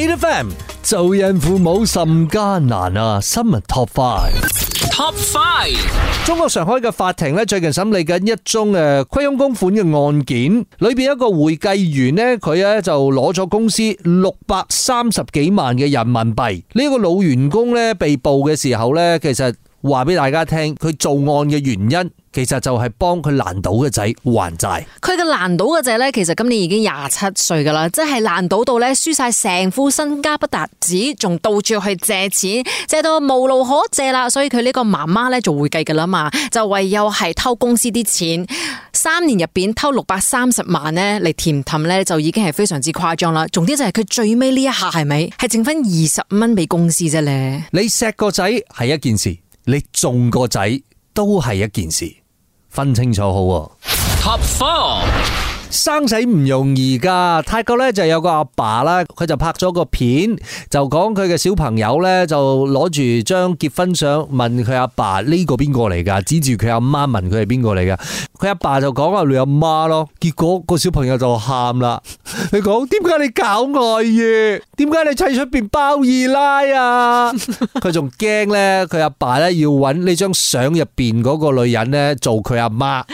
Hey、fam, 做人父母甚艱難啊！新聞 Top Five，Top Five，中國上海嘅法庭咧，最近審理緊一宗誒，虛佣公款嘅案件，裏邊一個會計員咧，佢咧就攞咗公司六百三十幾萬嘅人民幣。呢、呢個老員工咧被捕嘅時候呢其實。話俾大家聽，佢作案嘅原因其實就係幫佢難倒嘅仔還債。佢嘅難倒嘅仔呢，其實今年已經廿七歲噶啦，真係難倒到呢，輸晒成副身家不達止，仲到處去借錢，借到無路可借啦。所以佢呢個媽媽呢，就會計噶啦嘛，就唯有係偷公司啲錢，三年入邊偷六百三十萬呢，嚟填氹呢，就已經係非常之誇張啦。重點就係佢最尾呢一下係咪係剩翻二十蚊俾公司啫咧？你錫個仔係一件事。你中個仔都係一件事，分清楚好。Top four，生死唔容易噶。泰國呢就有個阿爸啦，佢就拍咗個片，就講佢嘅小朋友呢就攞住張結婚相，問佢阿爸呢個邊個嚟噶？指住佢阿媽問佢係邊個嚟噶？佢阿爸就講話，你阿媽咯，結果個小朋友就喊啦，你講，點解你搞外遇？點解你喺出邊包二奶啊？佢仲驚咧，佢阿爸咧要揾，呢張相入邊嗰個女人咧做佢阿媽。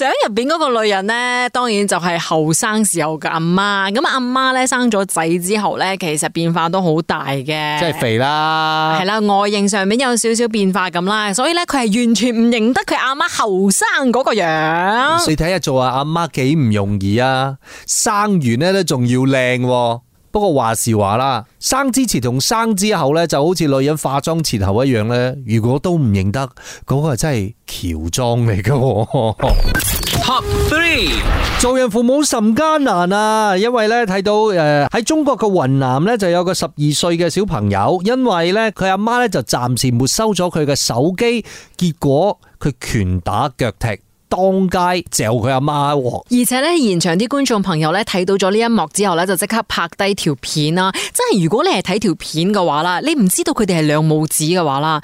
相入邊嗰個女人呢，當然就係後生時候嘅阿媽。咁阿阿媽呢，生咗仔之後呢，其實變化都好大嘅。即係肥啦，係啦，外形上面有少少變化咁啦。所以呢，佢係完全唔認得佢阿媽後生嗰個樣。你睇下做阿阿媽幾唔容易啊！生完呢都仲要靚喎。不過話時話啦，生之前同生之後呢，就好似女人化妝前後一樣呢。如果都唔認得，嗰個真係喬裝嚟噶。 Top three，做人父母甚艱難啊！因為呢睇到誒喺中國嘅雲南呢，就有個十二歲嘅小朋友，因為呢，佢阿媽呢就暫時沒收咗佢嘅手機，結果佢拳打腳踢。當街嚼佢阿媽，而且咧，現場啲觀眾朋友咧睇到咗呢一幕之後咧，就即刻拍低條片啦。真係如果你係睇條片嘅話啦，你唔知道佢哋係兩母子嘅話啦，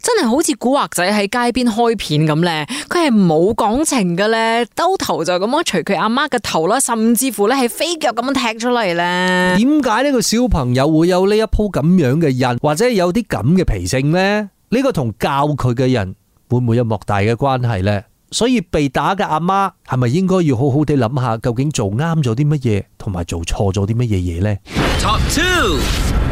真係好似古惑仔喺街邊開片咁咧。佢係冇講情嘅咧，兜頭就咁樣捶佢阿媽嘅頭啦，甚至乎咧係飛腳咁樣踢出嚟咧。點解呢個小朋友會有呢一鋪咁樣嘅人，或者有啲咁嘅脾性呢？呢、呢個同教佢嘅人會唔會有莫大嘅關係咧？所以被打嘅阿媽係咪應該要好好地諗下，究竟做啱咗啲乜嘢，同埋做錯咗啲乜嘢嘢呢？Top 2。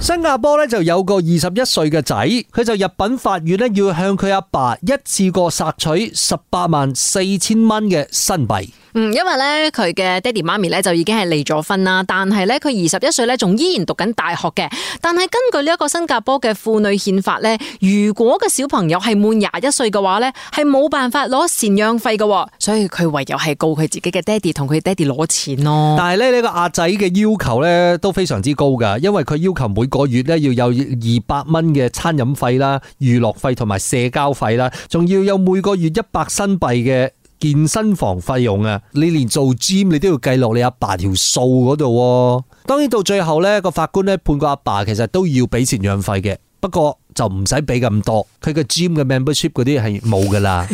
新加坡咧就有個二十一歲嘅仔，佢就入禀法院咧，要向佢阿爸，爸一次過索取十八萬四千蚊嘅新幣。嗯，因為咧佢嘅爹哋媽咪咧就已經係離咗婚啦，但係咧佢二十一歲咧仲依然讀緊大學嘅。但係根據呢一個新加坡嘅婦女憲法咧，如果個小朋友係滿廿一歲嘅話咧，係冇辦法攞贍養費噶，所以佢唯有係告佢自己嘅爹哋同佢爹哋攞錢咯。但係咧呢個阿仔嘅要求咧都非常之高噶，因為佢要求每個月咧要有二百蚊嘅餐飲費啦、娛樂費同埋社交費啦，仲要有每個月一百新幣嘅健身房費用啊！你連做 gym 你都要計落你阿爸條數嗰度。當然到最後呢個法官咧判個阿爸,爸其實都要俾贍養費嘅，不過就唔使俾咁多。佢 個 gym 嘅 membership 嗰啲係冇噶啦。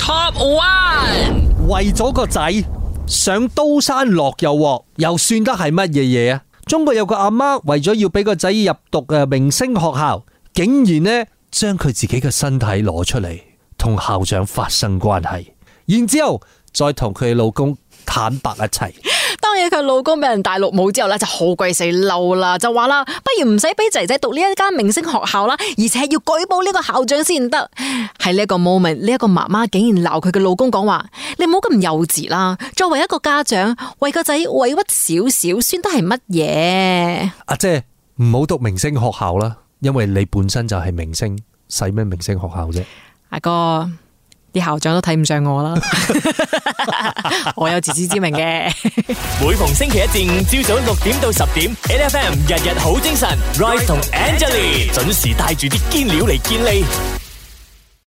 Top one 為咗個仔上刀山落油鑊，又算得係乜嘢嘢啊？中國有個阿媽為咗要俾個仔入讀嘅明星學校，竟然咧將佢自己嘅身體攞出嚟同校長發生關係，然之後再同佢老公坦白一切。佢老公俾人戴綠帽之後咧，就好鬼死嬲啦，就話啦，不如唔使俾仔仔讀呢一間明星學校啦，而且要舉報呢個校長先得。喺呢一個 moment，呢一個媽媽竟然鬧佢嘅老公講話，你唔好咁幼稚啦！作為一個家長，為個仔委屈少少，算得係乜嘢？即係唔好讀明星學校啦，因為你本身就係明星，使咩明星學校啫？阿哥，啲校長都睇唔上我啦。 我有自知之明嘅。每逢星期一至五，朝早六點到十點，N F M 日日好精神。Rise 同 Angelie 準時帶住啲堅料嚟見你。